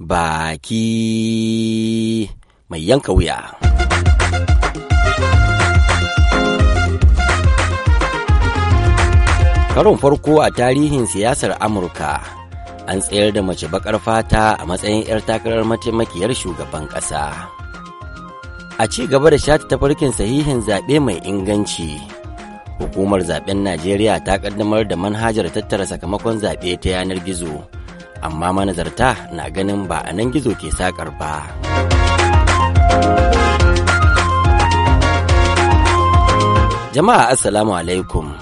baki mai yanka wuya. Karon farko a tarihin siyasar Amurka an tsayar da mace bakar fata a matsayin 'yar takarar mataimakiyar shugaban ƙasa. A ci gaba da shata farkin sahihin zaɓe mai inganci, hukumar zaɓen Najeriya ta ƙaddamar da manhajar tattara sakamakon zaɓe ta yanar gizo. amma manazarta na ganin ba a nan gizo ke sakar ba. Jama'a Assalamu alaikum.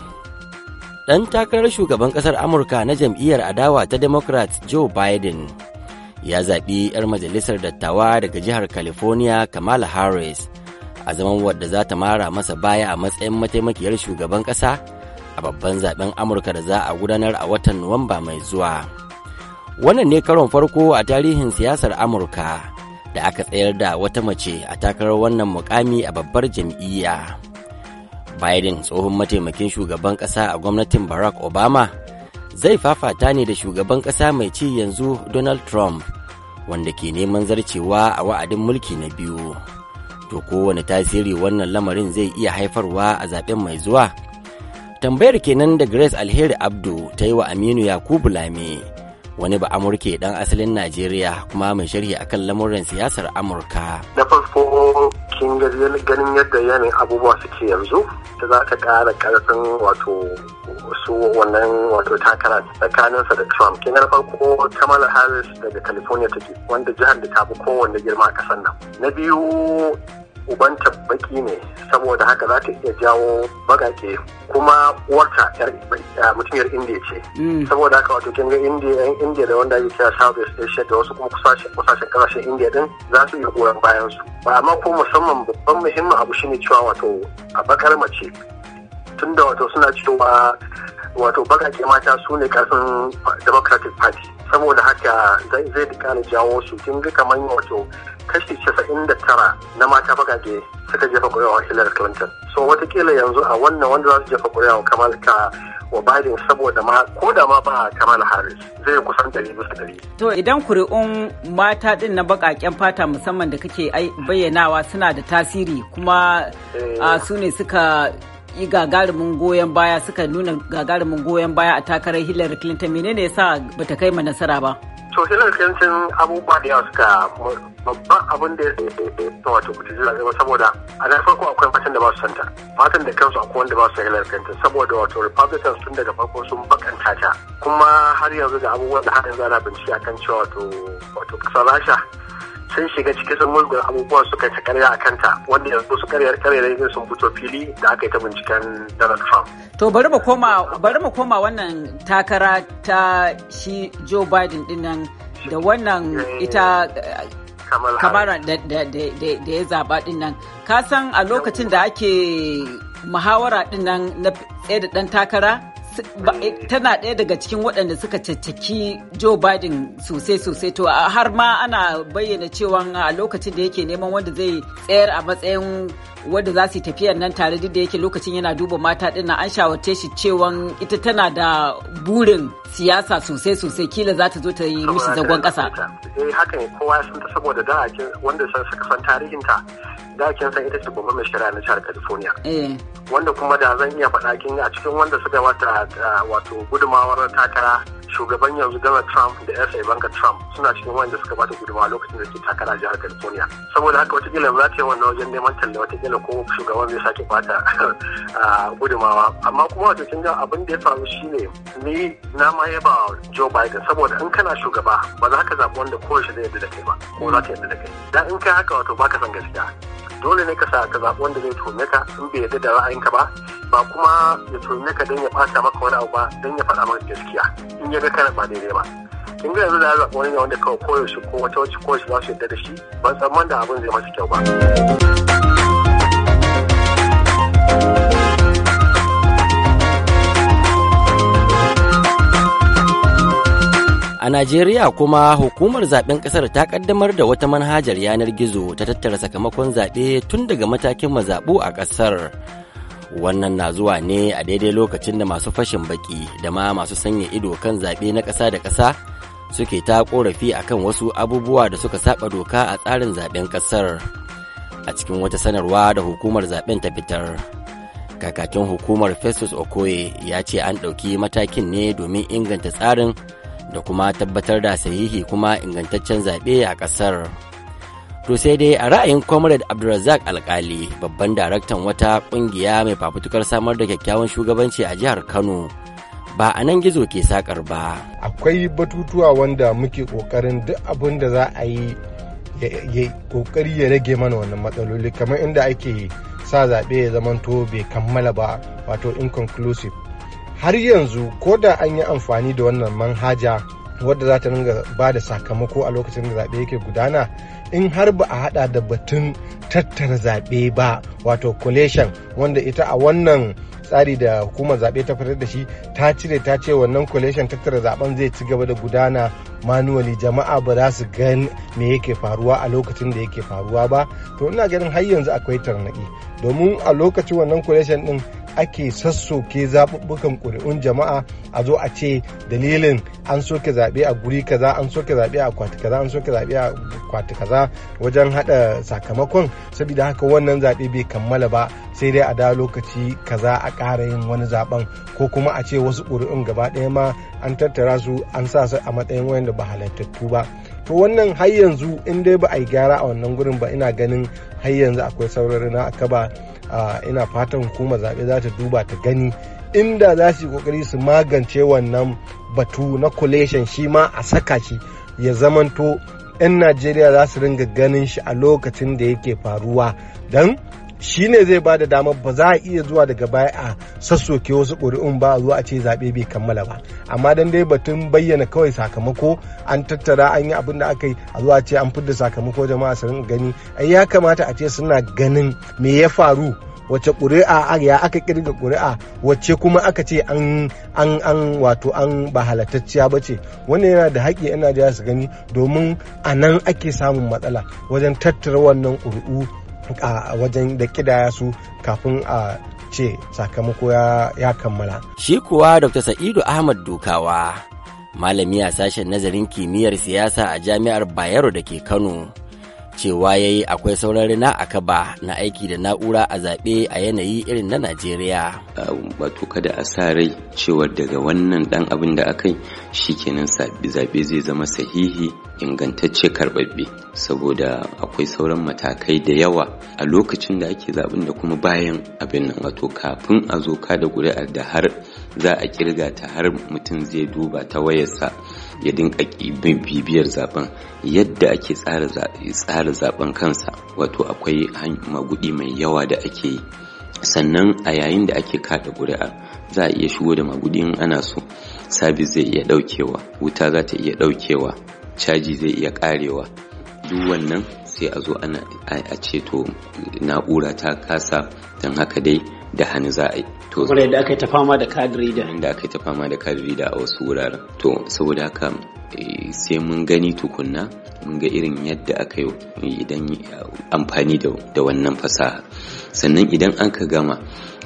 Ɗan takarar shugaban ƙasar Amurka na jam'iyyar adawa ta Democrat Joe Biden ya zaɓi 'yar majalisar dattawa daga jihar California Kamala Harris a zaman wadda za ta mara masa baya a matsayin mataimakiyar shugaban ƙasa a babban zaɓen Amurka da za a gudanar a watan Nuwamba mai zuwa. wannan ne karon farko a tarihin siyasar amurka da aka tsayar da wata mace a takarar wannan mukami a babbar jam'iyya biden tsohon mataimakin shugaban ƙasa a gwamnatin barack obama zai fafata ne da shugaban ƙasa mai ci yanzu donald trump wanda ke neman zarcewa a wa'adin mulki na biyu to kowane tasiri wannan lamarin zai iya haifarwa a zaben mai zuwa tambayar kenan da grace alheri abdu ta yi wa aminu yakubu lame wani ba amurke dan asalin najeriya kuma mai sharhi akan lamuran siyasar amurka Na farko kin ganin yadda yanayin abubuwa suke yanzu ta za ta ƙara karfin wato su wannan wato takara tsakaninsa da trump kin na farko kamala harris daga california take wanda jihar da ta fi kowanne girma a kasan nan na biyu Uban tabbaki ne saboda haka za ta iya jawo bagake kuma uwarta yar mutumiyar indiya ce mm. saboda haka wato kin indiya da wanda ake kira south asia da wasu kuma kusashen kasashen indiya din za su iya goyon bayan su ba amma ko musamman babban muhimmin abu shine cewa wato a bakar mace tunda wato suna cewa wato bakake mata su ne karfin democratic party saboda haka zai da jawo su kin ga kamar wato kashi casa'in da tara na mata bagage suka jefa ƙuri'a Hillary Clinton. So watakila yanzu a wannan wanda za su jefa ƙuri'a kamar ka wa Biden saboda ma ko da ma ba Kamala Harris zai kusan ɗari bisa ɗari. To idan kuri'un mata ɗin na baƙaƙen fata musamman da kake bayyanawa suna da tasiri kuma eh. su ne suka yi gagarumin goyon baya suka nuna gagarumin goyon baya a takarar Hillary Clinton menene yasa ta kai ma nasara ba? To Hillary Clinton abubuwa da yawa suka babban abin da ya wato bata jira zama saboda a na farko akwai fatan da ba su santa fatan da kansu akwai wanda ba su Hillary Clinton saboda wato Republicans tun daga farko sun bakanta ta kuma har yanzu da abubuwan da har yanzu ana bincike akan cewa wato wato kasar Rasha sun shiga cikin sun mulgun abubuwan suka ci karya a kanta wanda yanzu su karyar karyar sun fito fili da aka yi ta binciken Donald Trump. To bari mu koma bari mu koma wannan takara ta shi Joe Biden dinnan da wannan ita kamara da ya zaba dinnan ka san a lokacin da ake muhawara dinnan na tsaye da ɗan takara Eh, tana ɗaya daga cikin waɗanda suka caccaki Joe Biden sosai-sosai to har ma ana bayyana cewa a lokacin da yake neman wanda zai tsayar a matsayin wanda za su yi nan tare duk da yake lokacin yana duba mata ɗin an shawarce shi cewa ita tana da burin siyasa sosai-sosai kila za ta zo ta yi mishi zagon ƙasa. Eh kowa sun ta saboda da wanda suka san tarihinta da kin san ita ce goma mai shari'a na jihar California. Eh. Wanda kuma da zan iya faɗa kin a cikin wanda suka wata wato gudumawar takara shugaban yanzu Donald Trump da yarsa Banga Trump suna cikin wanda suka bata gudumawa lokacin da ke takara jihar California. Saboda haka watakila za ta yi wannan wajen neman Talle wata watakila ko shugaban zai sake bata gudumawa. Amma kuma wato kin ga abin da ya faru shine ni na ma yaba Joe Biden saboda in kana shugaba ba za ka zaɓi wanda kowace zai yarda da kai ba ko za ta yarda da kai. Dan in kai haka wato baka san gaskiya. dole ne ka sa ka zaɓi wanda zai tome ka in bai yadda da ra'ayinka ba ba kuma ya tome ka don ya ɓata maka wani abu ba don ya faɗa maka gaskiya in ya ga kana ba daidai ba kin ga yanzu da zaɓi wani ne wanda kawai koyaushe ko wata wacce koyaushe za su yarda da shi ban tsamman da abin zai masa kyau ba. A Najeriya kuma hukumar zaben kasar ta kaddamar da wata manhajar yanar gizo ta tattara sakamakon zaɓe tun daga matakin mazaɓu a ƙasar. Wannan na zuwa ne a daidai lokacin da masu fashin baki da ma masu sanya ido kan zaɓe na ƙasa da ƙasa suke ta ƙorafi a kan wasu abubuwa da suka saba doka a tsarin zaɓen ƙasar. A cikin wata sanarwa da hukumar zaɓen ta fitar. Kakakin hukumar Festus Okoye ya ce an ɗauki matakin ne domin inganta tsarin da kuma tabbatar da sahihi kuma ingantaccen zaɓe a ƙasar. To sai dai a ra'ayin Comrade Abdulrazak Alkali babban daraktan wata ƙungiya mai fafutukar samar da kyakkyawan shugabanci a jihar Kano ba a nan gizo ke sakar ba. Akwai batutuwa wanda muke ƙoƙarin duk abin da za a yi ya ƙoƙari ya rage mana wannan matsaloli kamar inda ake sa zaɓe ya zamanto bai kammala ba wato inconclusive har yanzu ko da an yi amfani da wannan manhaja wadda za ta ringa ba da sakamako a lokacin da zaɓe yake gudana in har ba a hada da batun tattara zaɓe ba wato collation wanda ita a wannan tsari da hukumar zaɓe ta fitar da shi ta cire ta ce wannan collation tattara zaben zai ci gaba da gudana manuwali jama'a ba za su gan me yake faruwa a lokacin da yake faruwa ba to ina ganin har yanzu akwai tarnaki domin a lokacin wannan collation din ake sassoke zaɓuɓɓukan ƙuri'un jama'a a zo a ce dalilin an soke zaɓe a guri kaza an soke zaɓe a kwati kaza an soke zaɓe a kwati kaza wajen haɗa sakamakon saboda haka wannan zaɓe bai kammala ba sai dai a da lokaci kaza a ƙara yin wani zaɓen ko kuma a ce wasu ƙuri'un gaba ɗaya ma an tattara su an sa su a matsayin wayan. da ba halartattu ba to wannan har yanzu in dai ba a yi gyara a wannan gurin ba ina ganin har yanzu akwai saurari na aka ba ina fatan hukumar zaɓe za ta duba ta gani inda za su yi kokari su magance wannan batu na collation shi ma a saka shi ya zamanto 'yan najeriya za su ringa ganin shi a lokacin da yake faruwa don shi ne zai ba da dama ba za a iya zuwa daga baya a sassoke wasu ƙuri'un ba a zuwa ce zaɓe bai kammala ba amma dan dai batun bayyana kawai sakamako an tattara an yi abin da aka yi a zuwa ce an fidda sakamako jama'a su gani ai ya kamata a ce suna ganin me ya faru wace ƙuri'a ya aka kirga ƙuri'a Wace kuma aka ce an an an wato an ba halatacciya ba ce wannan yana da haƙƙi yan najeriya su gani domin a nan ake samun matsala wajen tattara wannan ƙuri'u a wajen da kidaya su kafin a ce sakamako ya kammala. Shi kuwa Dr. Sa'idu Ahmad Dukawa, malami a sashen nazarin kimiyyar siyasa a jami'ar Bayero da ke Kano. cewa ya yi akwai sauran rina a kaba na aiki da na'ura a zaɓe a yanayi irin na najeriya wato kada a sa rai cewar daga wannan ɗan abin da aka yi kenan zaɓe zai zama sahihi ingantacce karɓaɓɓe saboda akwai sauran matakai da yawa a lokacin da ake zaɓin da kuma bayan abin nan wato kafin a zo kada ƙuri'ar da har za a kirga ta har mutum zai duba ta wayarsa ya dinka bibiyar zaben yadda ake tsara zaben kansa wato akwai magudi mai yawa da ake yi sannan a yayin da ake kada ƙuri'a za a iya shigo da magudi in ana so sabis zai iya ɗaukewa wuta za ta iya ɗaukewa caji zai iya ƙarewa duk wannan sai a zo ana a ce to na'ura ta kasa don haka dai da hannu za a yi to kamar yadda aka yi ta fama da card reader inda aka yi ta fama da card reader a wasu wuraren to saboda haka eh, sai mun gani tukunna mun ga irin yadda aka yi eh, idan eh, amfani da wannan fasaha sannan idan aka gama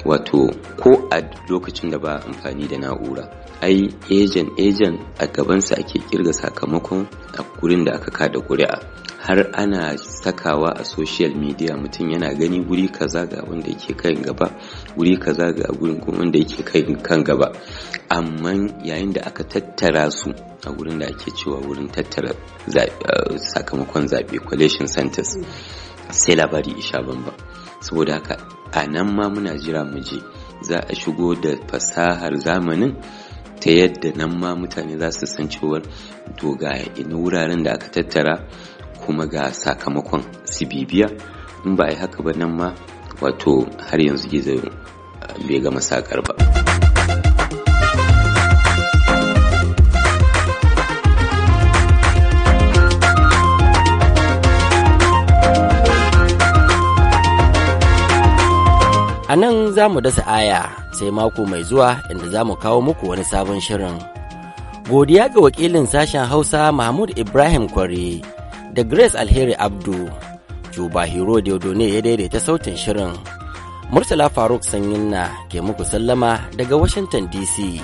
wato ko a lokacin da ba amfani da na'ura ai ejen ejen a gabansa ake kirga sakamakon a gurin da aka kada kuri'a har ana sakawa a social media mutum yana gani guri kaza ga wanda yake kan gaba guri kaza ga wanda yake kan gaba amma yayin da aka tattara su a wurin da ake cewa wurin tattara sakamakon zaɓe collation centers sai labari isha bamba saboda haka a nan ma muna jira mu je za a shigo da fasahar zamanin ta yadda nan ma mutane za su san cewar to ga ina wuraren da aka tattara kuma ga sakamakon su bibiya in ba a yi haka ba nan ma wato har yanzu gizo bai gama sakar ba. A nan za mu dasa aya sai mako mai zuwa inda za mu kawo muku wani sabon shirin. Godiya ga wakilin sashen Hausa Mahmud Ibrahim Kwari da Grace Alheri Abdu. Juba Hero Diodone ya daidaita sautin shirin. Murtala Faruk Sanyinna ke muku sallama daga Washington DC.